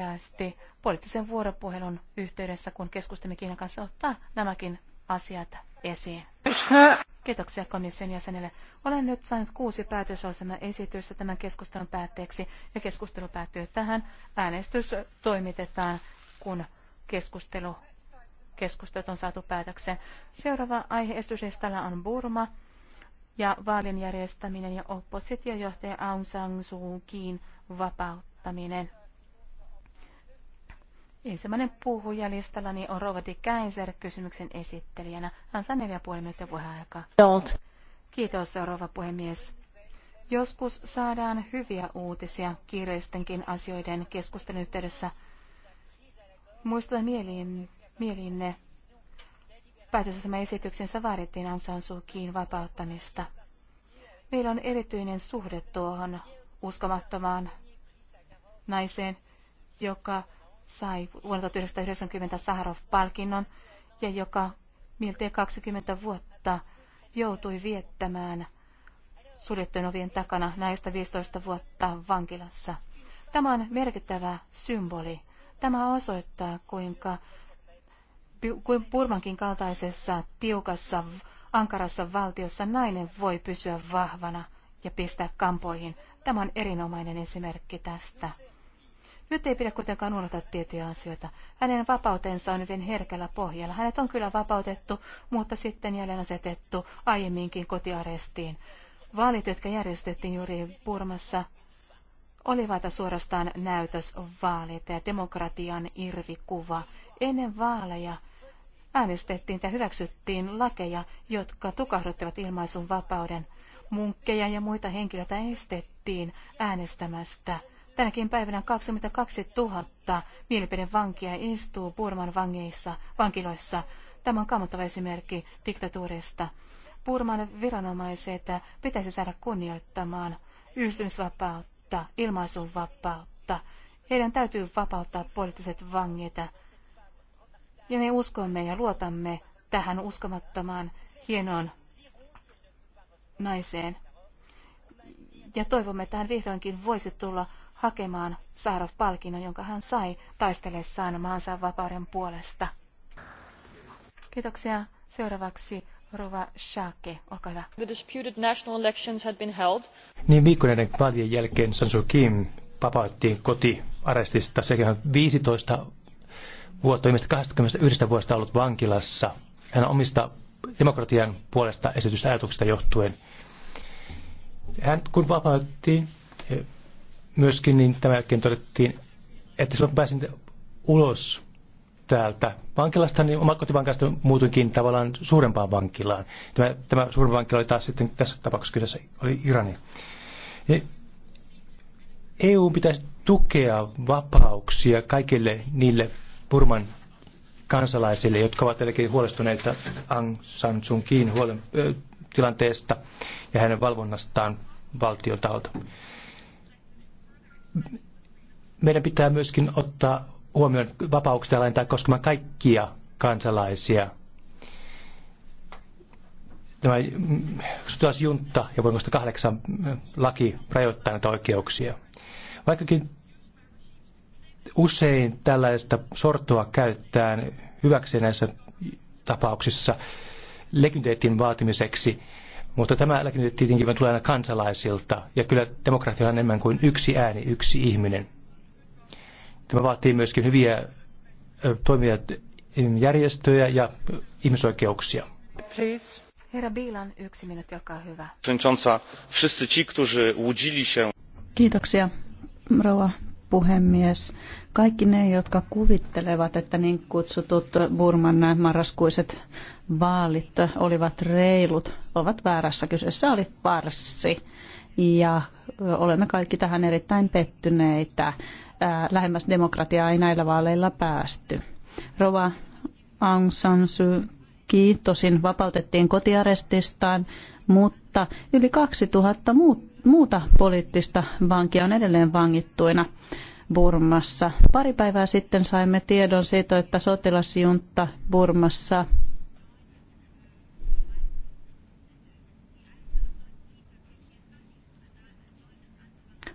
nopeasti poliittisen vuoropuhelun yhteydessä, kun keskustelimme Kiinan kanssa, ottaa nämäkin asiat esiin. Kiitoksia komission jäsenelle. Olen nyt saanut kuusi päätösosamme esitystä tämän keskustelun päätteeksi ja keskustelu päättyy tähän. Äänestys toimitetaan, kun keskustelu, keskustelut on saatu päätökseen. Seuraava aihe esityslistalla on Burma ja vaalin järjestäminen ja oppositiojohtaja Aung San Suu Kyiin vapauttaminen. Ensimmäinen puhuja listallani on Rovati Käinser kysymyksen esittelijänä. Hän saa neljä puoli minuuttia puheenaikaa. Kiitos, rouva puhemies. Joskus saadaan hyviä uutisia kiireistenkin asioiden keskustelun yhteydessä. Muistutan mieliin, mieliinne päätösosama esityksensä vaadittiin Aung San Suu Kiin vapauttamista. Meillä on erityinen suhde tuohon uskomattomaan naiseen, joka sai vuonna 1990 Saharov-palkinnon ja joka miltei 20 vuotta joutui viettämään suljettujen ovien takana näistä 15 vuotta vankilassa. Tämä on merkittävä symboli. Tämä osoittaa, kuinka kuin Burmankin kaltaisessa tiukassa, ankarassa valtiossa nainen voi pysyä vahvana ja pistää kampoihin. Tämä on erinomainen esimerkki tästä. Nyt ei pidä kuitenkaan unohtaa tiettyjä asioita. Hänen vapautensa on hyvin herkällä pohjalla. Hänet on kyllä vapautettu, mutta sitten jälleen asetettu aiemminkin kotiarestiin. Vaalit, jotka järjestettiin juuri Burmassa, olivat suorastaan näytösvaalit ja demokratian irvikuva. Ennen vaaleja äänestettiin ja hyväksyttiin lakeja, jotka tukahduttivat ilmaisun vapauden. Munkkeja ja muita henkilöitä estettiin äänestämästä – Tänäkin päivänä 22 000 mielipidevankia istuu Burman vangeissa, vankiloissa. Tämä on kammottava esimerkki diktatuurista. Burman viranomaiset pitäisi saada kunnioittamaan yhdistymisvapautta, ilmaisuvapautta. Heidän täytyy vapauttaa poliittiset vangit. Ja me uskomme ja luotamme tähän uskomattomaan hienoon naiseen. Ja toivomme, että hän vihdoinkin voisi tulla hakemaan Saarov-palkinnon, jonka hän sai taistelessaan maansa vapauden puolesta. Kiitoksia. Seuraavaksi Rova Shake, olkaa hyvä. The disputed national elections had been held. Niin viikko vaalien jälkeen San Suu Kyi vapauttiin kotiarestista. Sekin on 15 vuotta, viimeistä 21 vuotta ollut vankilassa. Hän omista demokratian puolesta esitystä ajatuksista johtuen. Hän kun vapauttiin, myöskin niin tämäkin todettiin, että silloin pääsin ulos täältä vankilasta, niin omakotivankilasta muutuinkin tavallaan suurempaan vankilaan. Tämä, tämä suurempi vankila oli taas sitten tässä tapauksessa kyseessä oli Irani. Ja EU pitäisi tukea vapauksia kaikille niille Burman kansalaisille, jotka ovat tietenkin huolestuneita Aung San Suu Kyiin tilanteesta ja hänen valvonnastaan valtion taholta meidän pitää myöskin ottaa huomioon vapauksia laajentaa koskemaan kaikkia kansalaisia. Tämä taas junta ja vuonna kahdeksan laki rajoittaa näitä oikeuksia. Vaikkakin usein tällaista sortoa käytetään hyväksi näissä tapauksissa legitimiteetin vaatimiseksi, mutta tämä laki tietenkin tulee aina kansalaisilta, ja kyllä demokratia on enemmän kuin yksi ääni, yksi ihminen. Tämä vaatii myöskin hyviä toimia järjestöjä ja ihmisoikeuksia. Please. Herra Biilan, yksi minuutti, olkaa hyvä. Wszyscy ci, którzy łudzili się... Kiitoksia, rouva puhemies. Kaikki ne, jotka kuvittelevat, että niin kutsutut Burman marraskuiset vaalit olivat reilut, ovat väärässä. Kyseessä oli farsi ja olemme kaikki tähän erittäin pettyneitä. Lähemmäs demokratiaa ei näillä vaaleilla päästy. Rova Aung San Suu Kyi tosin vapautettiin kotiarestistaan, mutta yli 2000 muuta poliittista vankia on edelleen vangittuina. Burmassa. Pari päivää sitten saimme tiedon siitä, että sotilasjunta Burmassa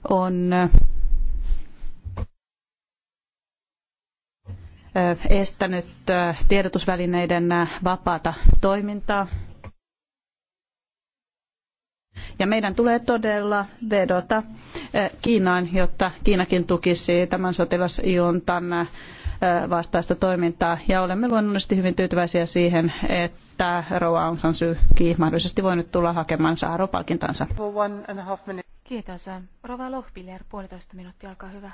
on estänyt tiedotusvälineiden vapaata toimintaa. Ja meidän tulee todella vedota Kiinaan, jotta Kiinakin tukisi tämän sotilasjuntan vastaista toimintaa. Ja olemme luonnollisesti hyvin tyytyväisiä siihen, että Roa Aung San Suu Kyi mahdollisesti voi nyt tulla hakemaan Saaro-palkintansa. Kiitos. Rova puolitoista minuuttia, olkaa hyvä.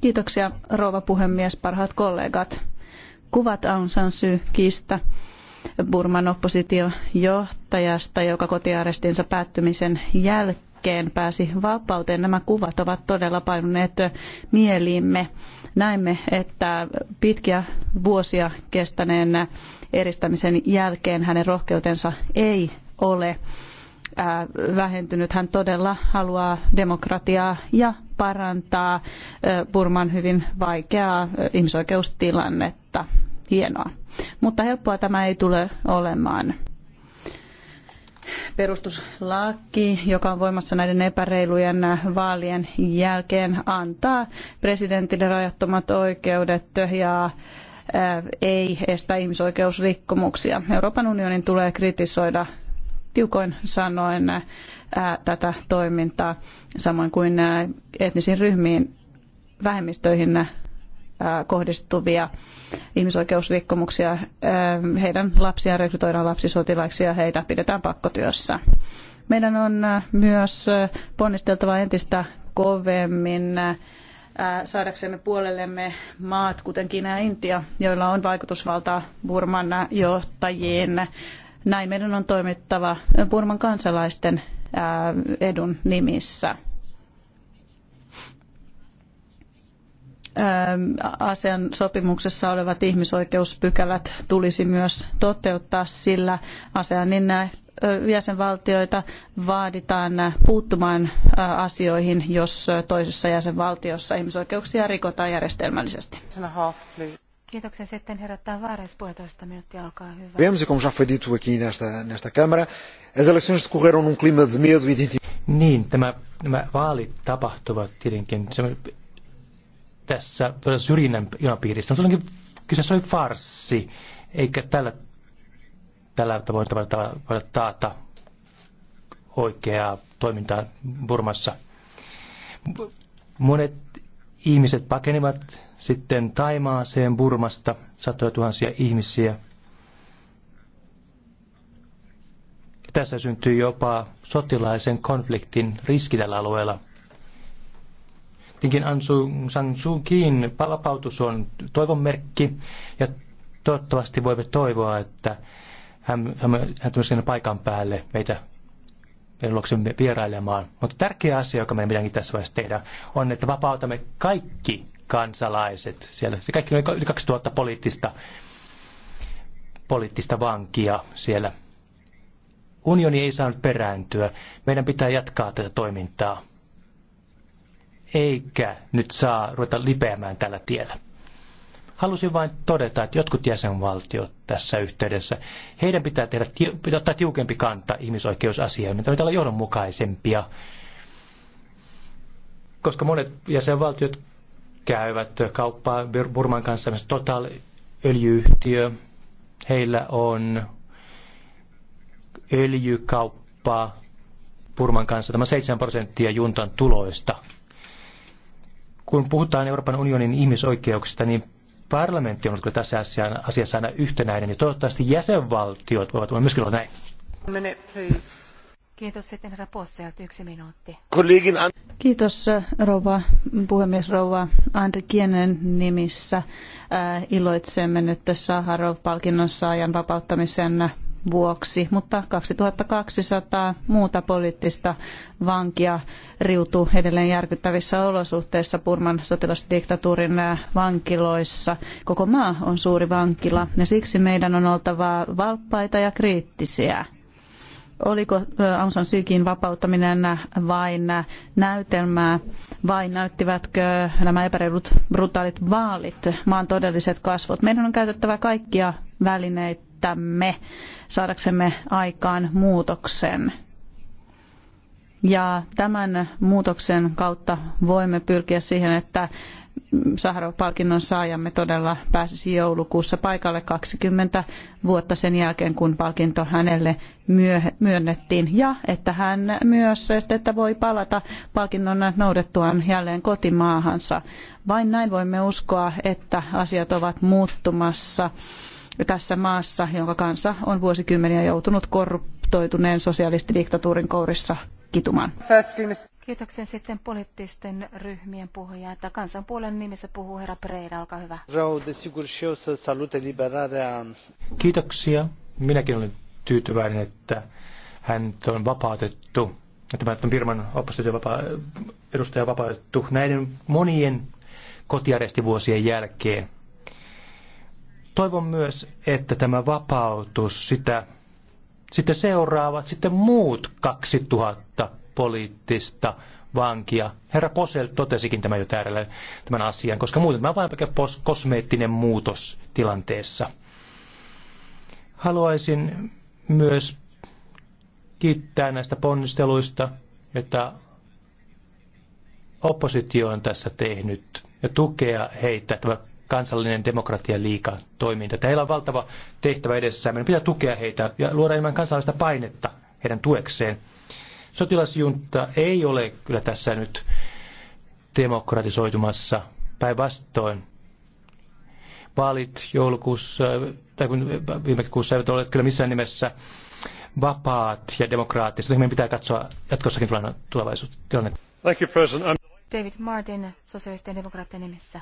Kiitoksia, rouva puhemies, parhaat kollegat. Kuvat Aung San Suu Kiista, Burman oppositiojohtajasta, joka kotiarestinsa päättymisen jälkeen pääsi vapauteen. Nämä kuvat ovat todella painuneet mieliimme. Näimme, että pitkiä vuosia kestäneen eristämisen jälkeen hänen rohkeutensa ei ole Äh, vähentynyt. Hän todella haluaa demokratiaa ja parantaa äh, Burman hyvin vaikeaa äh, ihmisoikeustilannetta. Hienoa. Mutta helppoa tämä ei tule olemaan perustuslaki, joka on voimassa näiden epäreilujen vaalien jälkeen, antaa presidentille rajattomat oikeudet ja ei estä ihmisoikeusrikkomuksia. Euroopan unionin tulee kritisoida tiukoin sanoen tätä toimintaa, samoin kuin etnisiin ryhmiin vähemmistöihin kohdistuvia ihmisoikeusrikkomuksia. Heidän lapsiaan rekrytoidaan lapsisotilaiksi ja heitä pidetään pakkotyössä. Meidän on myös ponnisteltava entistä kovemmin saadaksemme puolellemme maat, kuten Kiina ja Intia, joilla on vaikutusvaltaa Burman johtajiin. Näin meidän on toimittava Burman kansalaisten edun nimissä. ASEAN sopimuksessa olevat ihmisoikeuspykälät tulisi myös toteuttaa, sillä ASEANin jäsenvaltioita vaaditaan puuttumaan asioihin, jos toisessa jäsenvaltiossa ihmisoikeuksia rikotaan järjestelmällisesti. Vemos, e como já foi dito aqui nesta, nesta Câmara, as eleições decorreram num clima de medo e de intimidação. Niin, tässä syrjinnän ilmapiirissä, mutta tietenkin kyseessä oli farsi, eikä tällä, tällä tavoin voida taata oikeaa toimintaa Burmassa. Monet ihmiset pakenivat sitten Taimaaseen Burmasta satoja tuhansia ihmisiä. Tässä syntyy jopa sotilaisen konfliktin riski tällä alueella. Ansu San Suu Kiin palapautus on toivon merkki ja toivottavasti voimme toivoa, että hän, hän tulisi sinne paikan päälle meitä luoksemme vierailemaan. Mutta tärkeä asia, joka meidän pitääkin tässä vaiheessa tehdä, on, että vapautamme kaikki kansalaiset siellä. Se kaikki oli yli 2000 poliittista, poliittista vankia siellä. Unioni ei saanut perääntyä. Meidän pitää jatkaa tätä toimintaa. Eikä nyt saa ruveta lipeämään tällä tiellä. Halusin vain todeta, että jotkut jäsenvaltiot tässä yhteydessä, heidän pitää, tehdä, pitää ottaa tiukempi kanta ihmisoikeusasioihin, mitä pitää olla johdonmukaisempia koska monet jäsenvaltiot käyvät kauppaa Burman kanssa, myös Total öljyyhtiö. Heillä on öljykauppa Burman kanssa, tämä 7 prosenttia juntan tuloista. Kun puhutaan Euroopan unionin ihmisoikeuksista, niin parlamentti on ollut kyllä tässä asiassa aina yhtenäinen, ja toivottavasti jäsenvaltiot voivat olla myöskin olla näin. Minute, please. Kiitos sitten herra Posselt, yksi minuutti. Kiitos rouva puhemies rouva Andri Kienen nimissä. Äh, iloitsemme nyt Saharov-palkinnon saajan vapauttamisen vuoksi, mutta 2200 muuta poliittista vankia riutuu edelleen järkyttävissä olosuhteissa Burman sotilasdiktatuurin äh, vankiloissa. Koko maa on suuri vankila ja siksi meidän on oltava valppaita ja kriittisiä oliko Aung San Suu Kyin vapauttaminen vain näytelmää vai näyttivätkö nämä epäreilut brutaalit vaalit maan todelliset kasvot? Meidän on käytettävä kaikkia välineitämme saadaksemme aikaan muutoksen. Ja tämän muutoksen kautta voimme pyrkiä siihen, että Saharov-palkinnon saajamme todella pääsisi joulukuussa paikalle 20 vuotta sen jälkeen, kun palkinto hänelle myönnettiin. Ja että hän myös että voi palata palkinnon noudettuaan jälleen kotimaahansa. Vain näin voimme uskoa, että asiat ovat muuttumassa tässä maassa, jonka kansa on vuosikymmeniä joutunut korruptoituneen sosialistidiktatuurin kourissa kitumaan. Kiitoksen sitten poliittisten ryhmien puhujaa, että kansanpuolen nimissä puhuu herra Preida, olkaa hyvä. Kiitoksia. Minäkin olen tyytyväinen, että hän on vapautettu, tämä on Birman vapa- edustaja vapautettu näiden monien kotiarestivuosien jälkeen. Toivon myös, että tämä vapautus sitä sitten seuraavat sitten muut 2000 poliittista vankia. Herra Posel totesikin tämän jo täällä, tämän asian, koska muuten tämä on vain pelkä kosmeettinen muutos tilanteessa. Haluaisin myös kiittää näistä ponnisteluista, että oppositio on tässä tehnyt ja tukea heitä. Tämä kansallinen demokratia liika toiminta. Heillä on valtava tehtävä edessä. Meidän pitää tukea heitä ja luoda enemmän kansallista painetta heidän tuekseen. Sotilasjunta ei ole kyllä tässä nyt demokratisoitumassa. Päinvastoin vaalit joulukuussa, äh, tai kun viime kuussa eivät ole kyllä missään nimessä vapaat ja demokraattiset. Meidän pitää katsoa jatkossakin tulevaisuutta tilannetta. Thank you, President. David Martin, sosiaalisten demokraattien nimissä.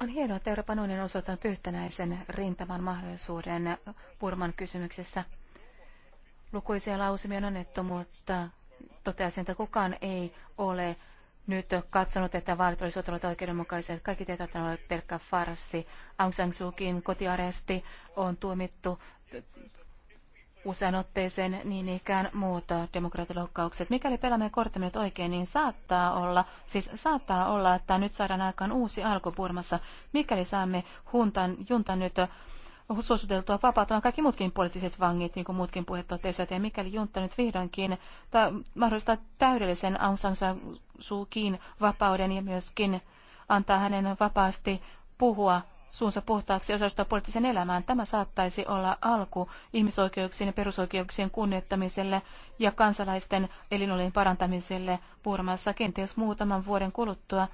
On hienoa, että Euroopan unioni on osoittanut yhtenäisen rintaman mahdollisuuden Burman kysymyksessä. Lukuisia lausumia on annettu, mutta toteaisin, että kukaan ei ole nyt katsonut, että vaalit olisivat olleet oikeudenmukaiset. Kaikki tietävät, että ne olivat pelkkä farsi. Aung San Suu Kyin kotiaresti on tuomittu usean otteeseen niin ikään muut demokratialoukkaukset. Mikäli pelaamme korttamme nyt oikein, niin saattaa olla, siis saattaa olla, että nyt saadaan aikaan uusi alku Burmassa. Mikäli saamme huntan, juntan nyt suositeltua vapautumaan kaikki muutkin poliittiset vangit, niin kuin muutkin puheet totesivat, ja mikäli junta nyt vihdoinkin ta- mahdollistaa täydellisen Aung San Suu Kyiin vapauden ja myöskin antaa hänen vapaasti puhua suunsa puhtaaksi ja osallistua poliittiseen elämään. Tämä saattaisi olla alku ihmisoikeuksien ja perusoikeuksien kunnioittamiselle ja kansalaisten elinolien parantamiselle Burmassa kenties muutaman vuoden kuluttua.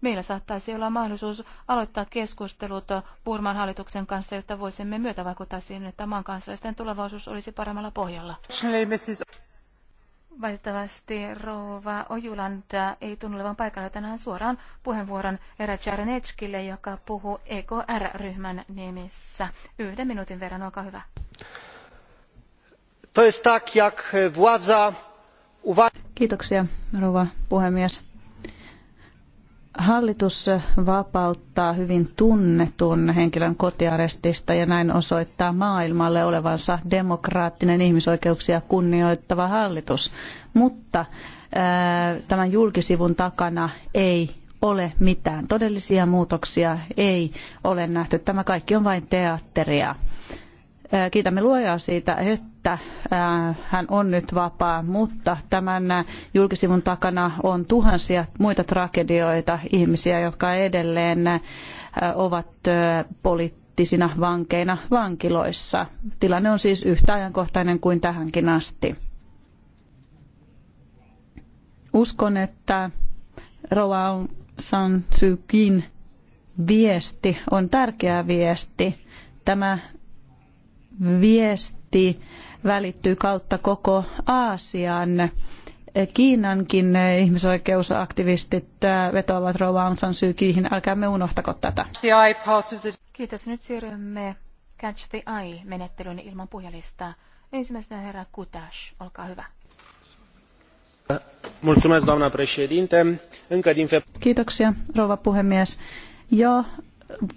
Meillä saattaisi olla mahdollisuus aloittaa keskustelut Burman hallituksen kanssa, jotta voisimme myötävaikuttaa siihen, että maan kansalaisten tulevaisuus olisi paremmalla pohjalla. Valitettavasti rouva Ojulanda ei tunnu olevan paikalla tänään suoraan puheenvuoron Era Czarnecskille, joka puhuu EKR-ryhmän nimissä. Yhden minuutin verran, olkaa hyvä. To jest tak, jak władza... Kiitoksia, rouva puhemies Hallitus vapauttaa hyvin tunnetun henkilön kotiarestista ja näin osoittaa maailmalle olevansa demokraattinen ihmisoikeuksia kunnioittava hallitus. Mutta ää, äh, tämän julkisivun takana ei ole mitään. Todellisia muutoksia ei ole nähty. Tämä kaikki on vain teatteria. Kiitämme luojaa siitä, että hän on nyt vapaa, mutta tämän julkisivun takana on tuhansia muita tragedioita, ihmisiä, jotka edelleen ovat poliittisina vankeina vankiloissa. Tilanne on siis yhtä ajankohtainen kuin tähänkin asti. Uskon, että Roa San Suu Kyin viesti on tärkeä viesti. Tämä viesti välittyy kautta koko Aasian. Kiinankin ihmisoikeusaktivistit äh, vetoavat Rouva Aung San Suu Kyihin. Älkäämme unohtako tätä. Kiitos. Nyt siirrymme Catch the Eye-menettelyyn ilman puhujalistaa. Ensimmäisenä herra Kutash, olkaa hyvä. Mulțumesc, doamna președinte. Încă din Kiitoksia, rouva puhemies. Jo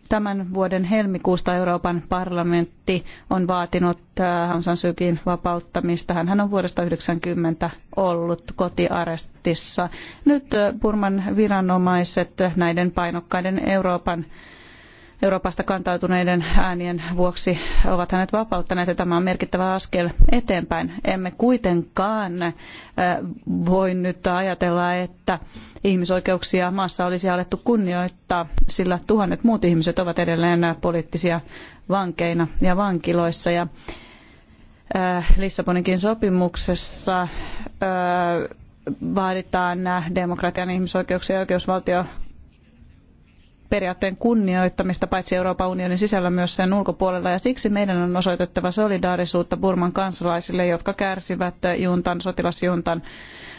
tämän vuoden helmikuusta Euroopan parlamentti on vaatinut äh, Aung San Suu Kyin vapauttamista. Hän on vuodesta 90 ollut kotiarestissa. Nyt äh, Burman viranomaiset näiden painokkaiden Euroopan Euroopasta kantautuneiden äänien vuoksi ovat hänet vapauttaneet ja tämä on merkittävä askel eteenpäin. Emme kuitenkaan voi nyt ajatella, että ihmisoikeuksia maassa olisi alettu kunnioittaa, sillä tuhannet muut ihmiset ovat edelleen poliittisia vankeina ja vankiloissa. Ja Lissaboninkin sopimuksessa vaaditaan demokratian ihmisoikeuksia ja oikeusvaltio periaatteen kunnioittamista paitsi Euroopan unionin sisällä myös sen ulkopuolella ja siksi meidän on osoitettava solidaarisuutta Burman kansalaisille, jotka kärsivät juntan, sotilasjuntan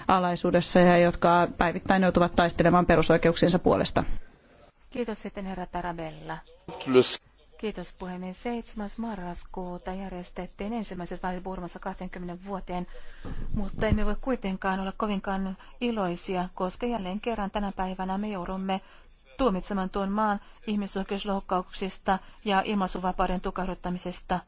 alaisuudessa ja jotka päivittäin joutuvat taistelemaan perusoikeuksiensa puolesta. Kiitos sitten herra Tarabella. Kiitos puhemies. 7. marraskuuta järjestettiin ensimmäiset vaalit Burmassa 20 vuoteen, mutta emme voi kuitenkaan olla kovinkaan iloisia, koska jälleen kerran tänä päivänä me joudumme tuomitsemaan tuon maan ihmisoikeusloukkauksista ja ilmaisuvapauden tukahduttamisesta.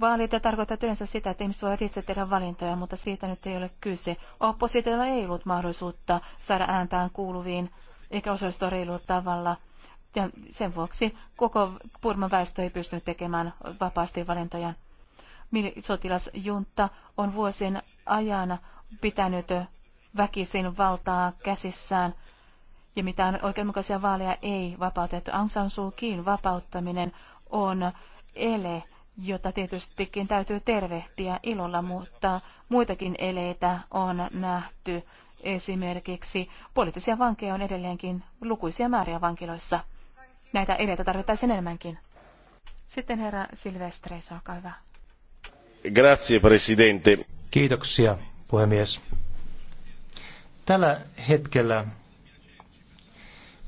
Vaalit tarkoittaa yleensä sitä, että ihmiset voivat itse tehdä valintoja, mutta siitä nyt ei ole kyse. Oppositiolla ei ollut mahdollisuutta saada ääntään kuuluviin eikä osallistua reilulla tavalla. Ja sen vuoksi koko Burman väestö ei pystynyt tekemään vapaasti valintoja. Sotilasjunta on vuosien ajan pitänyt väkisin valtaa käsissään – ja mitään oikeudenmukaisia vaaleja ei vapautettu. Aung San Suu Kyin vapauttaminen on ele, jota tietystikin täytyy tervehtiä ilolla, mutta muitakin eleitä on nähty. Esimerkiksi poliittisia vankeja on edelleenkin lukuisia määriä vankiloissa. Näitä eleitä tarvittaisiin enemmänkin. Sitten herra Silvestre, olkaa hyvä. Grazie, presidente. Kiitoksia, puhemies. Tällä hetkellä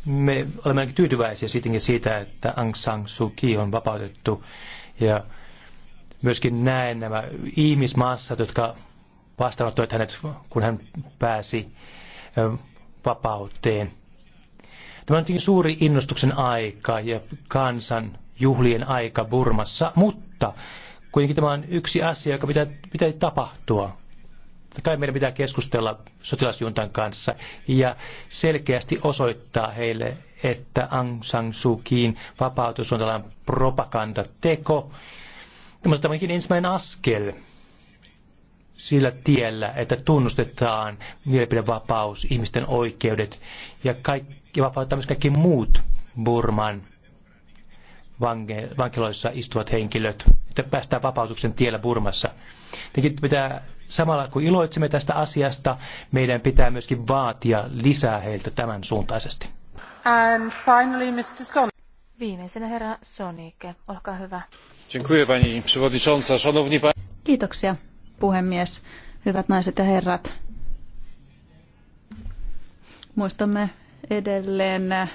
me olemme tyytyväisiä sittenkin siitä, että Aung San Suu Kyi on vapautettu. Ja myöskin näen nämä ihmismassat, jotka vastaanottoivat hänet, kun hän pääsi vapauteen. Tämä on suuri innostuksen aika ja kansan juhlien aika Burmassa, mutta kuitenkin tämä on yksi asia, joka pitää, pitää tapahtua kai meidän pitää keskustella sotilasjuntan kanssa ja selkeästi osoittaa heille, että Aung San Suu Kyiin vapautus on tällainen propagandateko. Mutta tämäkin ensimmäinen askel sillä tiellä, että tunnustetaan mielipidevapaus, ihmisten oikeudet ja kaikki vapauttaa myös kaikki muut Burman vankiloissa istuvat henkilöt, että päästään vapautuksen tiellä Burmassa. Mekin pitää samalla kun iloitsemme tästä asiasta, meidän pitää myöskin vaatia lisää heiltä tämän suuntaisesti. And finally, Mr. Son. Viimeisenä herra Sonike, olkaa hyvä. Dziękuję pani przewodnicząca, szanowni Kiitoksia puhemies, hyvät naiset ja herrat. Muistamme edelleen,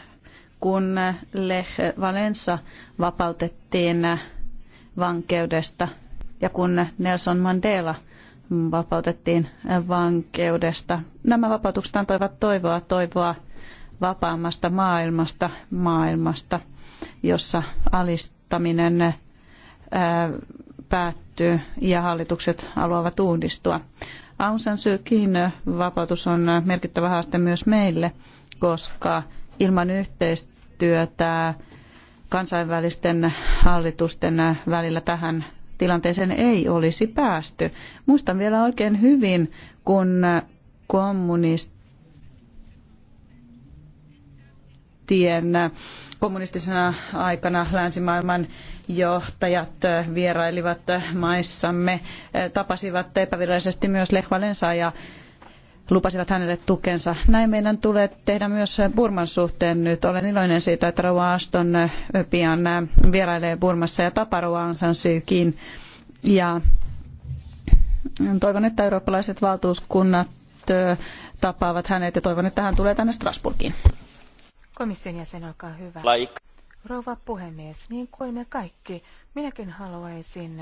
kun Lech Valensa vapautettiin vankeudesta ja kun Nelson Mandela vapautettiin vankeudesta. Nämä vapautukset antoivat toivoa, toivoa vapaammasta maailmasta, maailmasta, jossa alistaminen ää, päättyy ja hallitukset haluavat uudistua. Aung San Suu Kyin vapautus on merkittävä haaste myös meille, koska ilman yhteistyötä kansainvälisten hallitusten välillä tähän tilanteeseen ei olisi päästy. Muistan vielä oikein hyvin, kun kommunistien, kommunistisena aikana länsimaailman johtajat vierailivat maissamme, tapasivat epävirallisesti myös Lech Valensaa ja lupasivat hänelle tukensa. Näin meidän tulee tehdä myös Burman suhteen nyt. Olen iloinen siitä, että Rova Aston pian vierailee Burmassa ja tapaa Rova Ansan syykin. Ja toivon, että eurooppalaiset valtuuskunnat tapaavat hänet ja toivon, että hän tulee tänne Strasburgiin. Komission jäsen, olkaa hyvä. Like. Rouva puhemies, niin kuin me kaikki, minäkin haluaisin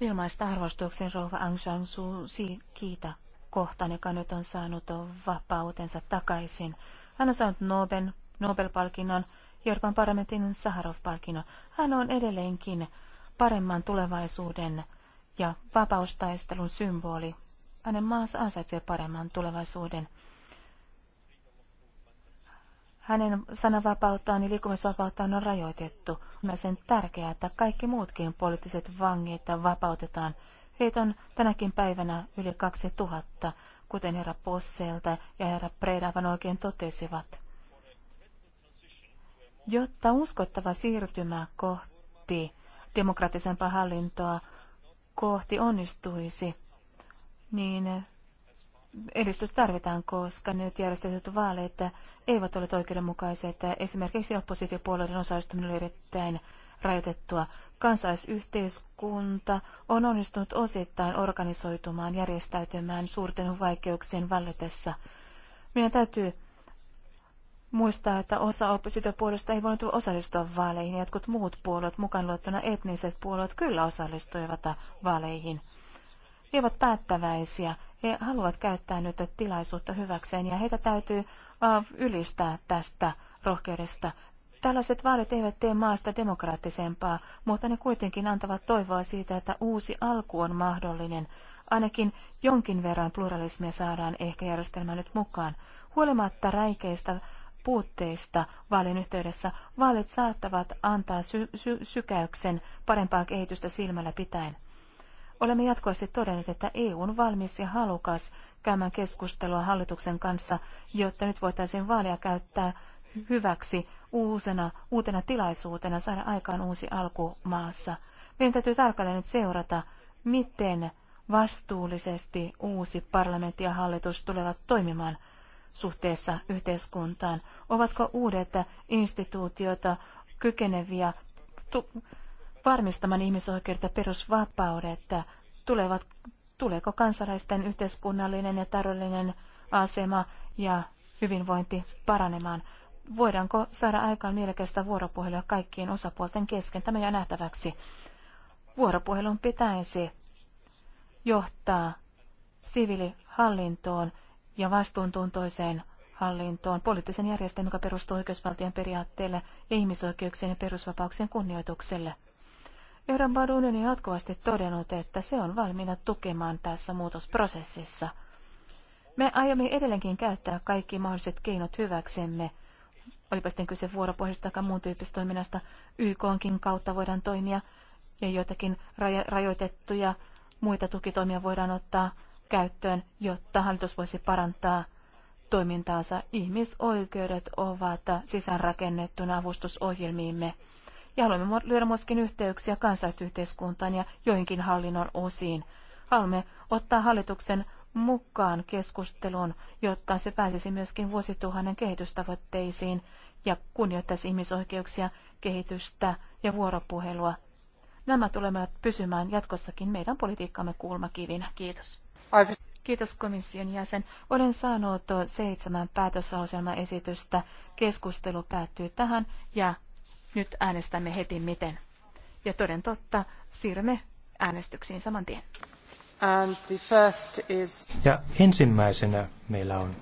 ilmaista arvostuksen rouva Aung San Suu Kyi kohtaan, joka nyt on saanut vapautensa takaisin. Hän on saanut Nobel, Nobel-palkinnon Euroopan parlamentin Saharov-palkinnon. Hän on edelleenkin paremman tulevaisuuden ja vapaustaistelun symboli. Hänen maansa ansaitsee paremman tulevaisuuden. Hänen sananvapauttaan ja liikkumisvapauttaan on rajoitettu. On sen tärkeää, että kaikki muutkin poliittiset vangit vapautetaan Heitä on tänäkin päivänä yli 2000, kuten herra Posseelta ja herra Predavan oikein totesivat. Jotta uskottava siirtymä kohti demokraattisempaa hallintoa kohti onnistuisi, niin edistys tarvitaan, koska nyt järjestetyt vaaleet eivät ole oikeudenmukaiset. Esimerkiksi oppositiopuolueiden osallistuminen oli erittäin rajoitettua. Kansaisyhteiskunta on onnistunut osittain organisoitumaan, järjestäytymään suurten vaikeuksien vallitessa. Meidän täytyy muistaa, että osa oppositiopuolueista ei voinut osallistua vaaleihin. Jotkut muut puolueet, mukaan luettuna etniset puolueet, kyllä osallistuivat vaaleihin. He ovat päättäväisiä. He haluavat käyttää nyt tilaisuutta hyväkseen ja heitä täytyy äh, ylistää tästä rohkeudesta. Tällaiset vaalit eivät tee maasta demokraattisempaa, mutta ne kuitenkin antavat toivoa siitä, että uusi alku on mahdollinen. Ainakin jonkin verran pluralismia saadaan ehkä järjestelmään nyt mukaan. Huolimatta räikeistä puutteista vaalin yhteydessä, vaalit saattavat antaa sy- sy- sykäyksen parempaa kehitystä silmällä pitäen. Olemme jatkuvasti todenneet, että EU on valmis ja halukas käymään keskustelua hallituksen kanssa, jotta nyt voitaisiin vaalia käyttää hyväksi uusena, uutena tilaisuutena saada aikaan uusi alku maassa. Meidän täytyy tarkalleen nyt seurata, miten vastuullisesti uusi parlamentti ja hallitus tulevat toimimaan suhteessa yhteiskuntaan. Ovatko uudet instituutioita kykeneviä varmistamaan ihmisoikeudet ja perusvapaudet? Tulevat, tuleeko kansalaisten yhteiskunnallinen ja taloudellinen asema ja hyvinvointi paranemaan? voidaanko saada aikaan mielekästä vuoropuhelua kaikkien osapuolten kesken. Tämä jää nähtäväksi. Vuoropuhelun pitäisi johtaa siviilihallintoon ja vastuuntuntoiseen hallintoon, poliittisen järjestelmän, joka perustuu oikeusvaltion periaatteelle ja ihmisoikeuksien ja perusvapauksien kunnioitukselle. Euroopan unioni on jatkuvasti todennut, että se on valmiina tukemaan tässä muutosprosessissa. Me aiomme edelleenkin käyttää kaikki mahdolliset keinot hyväksemme olipa sitten kyse vuoropuhelusta tai muun tyyppisestä toiminnasta, YKonkin kautta voidaan toimia ja joitakin rajoitettuja muita tukitoimia voidaan ottaa käyttöön, jotta hallitus voisi parantaa toimintaansa. Ihmisoikeudet ovat sisäänrakennettuna avustusohjelmiimme. Ja haluamme lyödä myöskin yhteyksiä kansalaisyhteiskuntaan ja joihinkin hallinnon osiin. Haluamme ottaa hallituksen mukaan keskusteluun, jotta se pääsisi myöskin vuosituhannen kehitystavoitteisiin ja kunnioittaisi ihmisoikeuksia, kehitystä ja vuoropuhelua. Nämä tulevat pysymään jatkossakin meidän politiikkamme kulmakivinä. Kiitos. Kiitos komission jäsen. Olen saanut seitsemän esitystä. Keskustelu päättyy tähän ja nyt äänestämme heti miten. Ja toden totta, siirrymme äänestyksiin saman tien ensimmäisenä meillä on